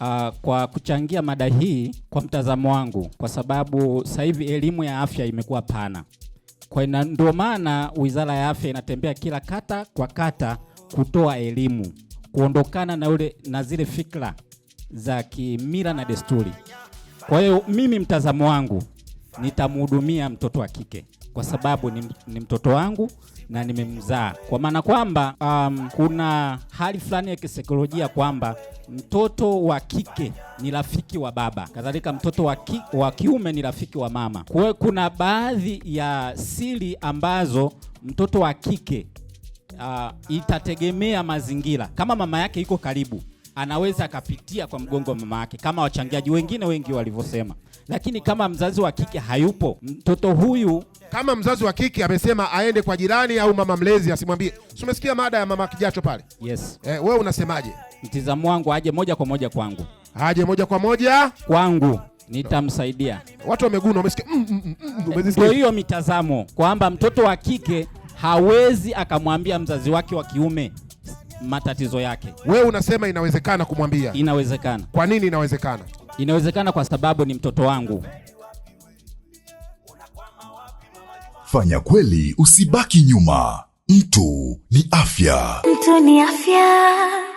uh, kwa kuchangia mada hii kwa mtazamo wangu, kwa sababu sasa hivi elimu ya afya imekuwa pana. Kwa ndio maana Wizara ya Afya inatembea kila kata kwa kata kutoa elimu, kuondokana na ule na zile fikra za kimila na desturi. Kwa hiyo mimi mtazamo wangu nitamhudumia mtoto wa kike kwa sababu ni, ni mtoto wangu na nimemzaa, kwa maana kwamba um, kuna hali fulani ya kisaikolojia kwamba mtoto wa kike ni rafiki wa baba, kadhalika mtoto wa, ki, wa kiume ni rafiki wa mama. Kwa hiyo kuna baadhi ya siri ambazo mtoto wa kike uh, itategemea mazingira. Kama mama yake iko karibu anaweza akapitia kwa mgongo wa mama yake kama wachangiaji wengine wengi walivyosema, lakini kama mzazi wa kike hayupo, mtoto huyu kama mzazi wa kike amesema aende kwa jirani au mama mlezi asimwambie. Umesikia mada ya mama Kijacho pale? Yes. Eh, wewe unasemaje? Mtizamo wangu aje moja kwa moja kwangu, aje moja kwa moja kwangu nitamsaidia. Watu wameguna, umesikia? mm, mm, mm, mm, mm eh, umesikia? Ndio hiyo mitazamo kwamba mtoto wa kike hawezi akamwambia mzazi wake wa kiume matatizo yake. Wewe unasema inawezekana kumwambia? Inawezekana. Kwa nini inawezekana? Inawezekana kwa sababu ni mtoto wangu. Fanya kweli, usibaki nyuma. Mtu ni afya. Mtu ni afya.